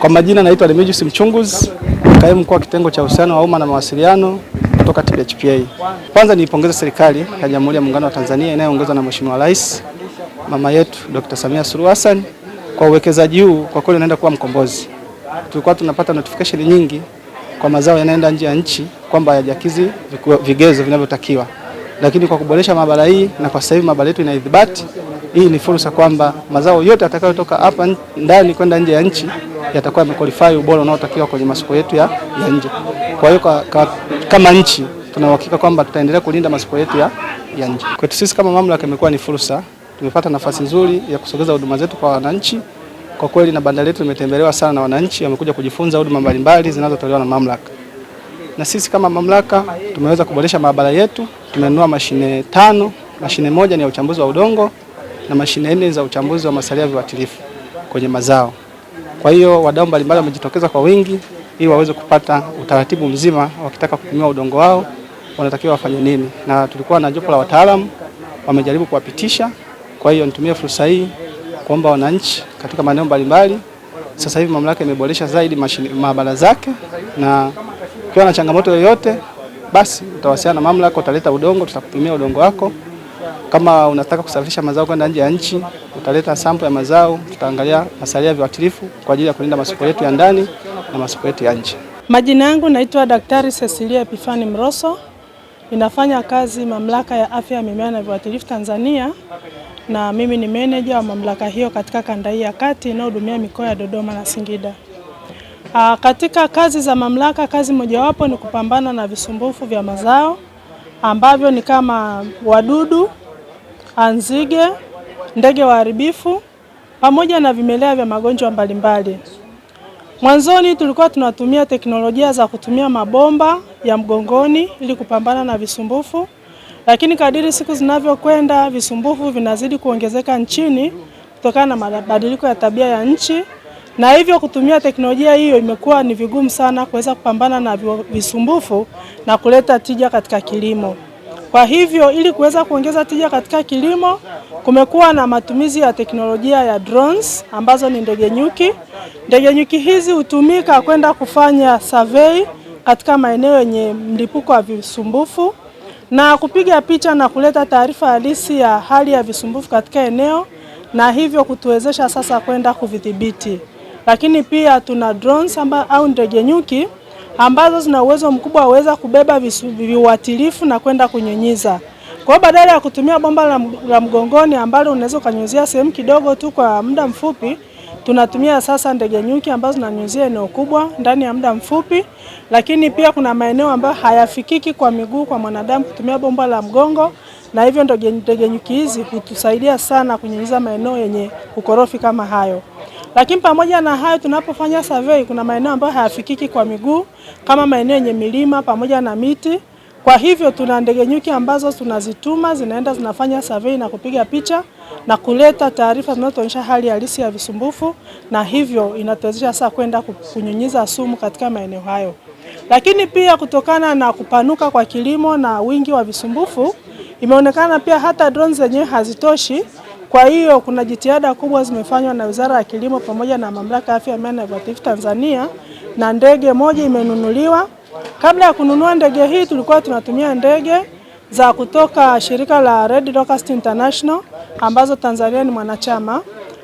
Kwa majina naitwa Remedius Mchunguzi, kaimu mkuu wa kitengo cha uhusiano wa umma na mawasiliano kutoka TPHPA. Kwanza niipongeze serikali ya Jamhuri ya Muungano wa Tanzania inayoongozwa na Mheshimiwa Rais mama yetu Dr. Samia Suluhu Hassan kwa uwekezaji huu, kwa kweli unaenda kuwa mkombozi. Tulikuwa tunapata notification nyingi kwa mazao yanaenda nje ya nchi kwamba hayajakizi vigezo vinavyotakiwa, lakini kwa kuboresha maabara hii na kwa sasa hivi maabara yetu inaidhibati, hii ni fursa kwamba mazao yote atakayotoka hapa ndani kwenda nje ya nchi yatakuwa yamequalify ubora unaotakiwa kwenye masoko yetu ya, ya nje. Kwa hiyo kama nchi tuna uhakika kwamba tutaendelea kulinda masoko yetu ya, ya nje. Kwetu sisi kama mamlaka imekuwa ni fursa, tumepata nafasi nzuri ya kusogeza huduma zetu kwa wananchi. Kwa kweli na banda letu limetembelewa sana na wananchi, wamekuja kujifunza huduma mbalimbali zinazotolewa na mamlaka na sisi kama mamlaka tumeweza kuboresha maabara yetu. Tumenunua mashine tano, mashine moja ni ya uchambuzi wa udongo na mashine nne za uchambuzi wa masalia viuatilifu kwenye mazao. Kwa hiyo wadau mbalimbali wamejitokeza kwa wingi ili waweze kupata utaratibu mzima, wakitaka kupimiwa udongo wao wanatakiwa wafanye nini, na tulikuwa na jopo la wataalamu wamejaribu kuwapitisha. Kwa hiyo nitumie fursa hii kuomba wananchi katika maeneo mbalimbali. Sasa hivi mamlaka imeboresha zaidi maabara zake, na ukiwa na changamoto yoyote, basi utawasiliana na mamlaka, utaleta udongo, tutakupimia udongo wako. Kama unataka kusafirisha mazao kwenda nje ya nchi, utaleta sampo ya mazao, tutaangalia masalia ya viuatilifu kwa ajili ya kulinda masoko yetu ya ndani na masoko yetu ya nje. Majina yangu naitwa Daktari Cecilia Epifani Mroso, ninafanya kazi Mamlaka ya Afya ya Mimea na Viuatilifu Tanzania, na mimi ni meneja wa mamlaka hiyo katika kanda hii ya kati inayohudumia mikoa ya Dodoma na Singida. Aa, ah, katika kazi za mamlaka, kazi mojawapo ni kupambana na visumbufu vya mazao ambavyo ni kama wadudu, nzige, ndege waharibifu pamoja na vimelea vya magonjwa mbalimbali. Mwanzoni tulikuwa tunatumia teknolojia za kutumia mabomba ya mgongoni ili kupambana na visumbufu, lakini kadiri siku zinavyokwenda visumbufu vinazidi kuongezeka nchini kutokana na mabadiliko ya tabia ya nchi na hivyo kutumia teknolojia hiyo imekuwa ni vigumu sana kuweza kupambana na visumbufu na kuleta tija katika kilimo. Kwa hivyo ili kuweza kuongeza tija katika kilimo, kumekuwa na matumizi ya teknolojia ya drones ambazo ni ndege nyuki. Ndege nyuki hizi hutumika kwenda kufanya survey katika maeneo yenye mlipuko wa visumbufu na kupiga picha na kuleta taarifa halisi ya hali ya visumbufu katika eneo na hivyo kutuwezesha sasa kwenda kuvidhibiti lakini pia tuna drones amba, au ndege nyuki ambazo zina uwezo mkubwa waweza kubeba viuatilifu na kwenda kunyunyiza. Kwa hiyo badala ya kutumia bomba la mgongoni ambalo unaweza ukanyunyizia sehemu kidogo tu kwa muda mfupi, tunatumia sasa ndege nyuki ambazo zinanyunyizia eneo kubwa ndani ya muda mfupi. Lakini pia kuna maeneo ambayo hayafikiki kwa miguu kwa mwanadamu kutumia bomba la mgongo, na hivyo ndege nyuki hizi hutusaidia sana kunyunyiza maeneo yenye ukorofi kama hayo. Lakini pamoja na hayo, tunapofanya survey, kuna maeneo ambayo hayafikiki kwa miguu kama maeneo yenye milima pamoja na miti. Kwa hivyo tuna ndege nyuki ambazo tunazituma zinaenda zinafanya survey na kupiga picha na kuleta taarifa zinazoonyesha hali halisi ya visumbufu, na hivyo inatuwezesha sasa kwenda kunyunyiza sumu katika maeneo hayo. Lakini pia kutokana na kupanuka kwa kilimo na wingi wa visumbufu, imeonekana pia hata drones zenyewe hazitoshi. Kwa hiyo kuna jitihada kubwa zimefanywa na Wizara ya Kilimo pamoja na Mamlaka ya Afya ya Tanzania, na ndege moja imenunuliwa. Kabla ya kununua ndege hii, tulikuwa tunatumia ndege za kutoka shirika la Red Locust International ambazo Tanzania ni mwanachama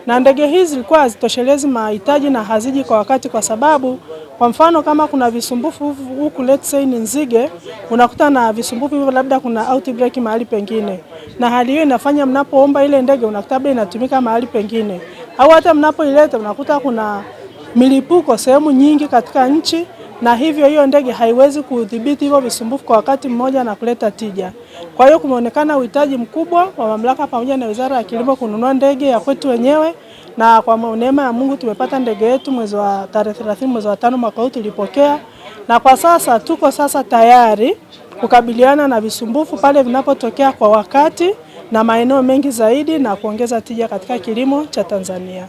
na ndege hizi zilikuwa hazitoshelezi mahitaji na haziji kwa wakati, kwa sababu kwa mfano kama kuna visumbufu huku let's say ni Nzige, unakuta na visumbufu hivyo, labda kuna outbreak mahali pengine, na hali hiyo inafanya mnapoomba ile ndege unakuta labda inatumika mahali pengine, au hata mnapoileta unakuta kuna milipuko sehemu nyingi katika nchi na hivyo hiyo ndege haiwezi kudhibiti hivyo visumbufu kwa wakati mmoja na kuleta tija. Kwa hiyo kumeonekana uhitaji mkubwa wa mamlaka pamoja na Wizara ya Kilimo kununua ndege ya kwetu wenyewe, na kwa neema ya Mungu tumepata ndege yetu mwezi wa tarehe 30 mwezi wa tano mwaka huu tulipokea, na kwa sasa tuko sasa tayari kukabiliana na visumbufu pale vinapotokea kwa wakati na maeneo mengi zaidi na kuongeza tija katika kilimo cha Tanzania.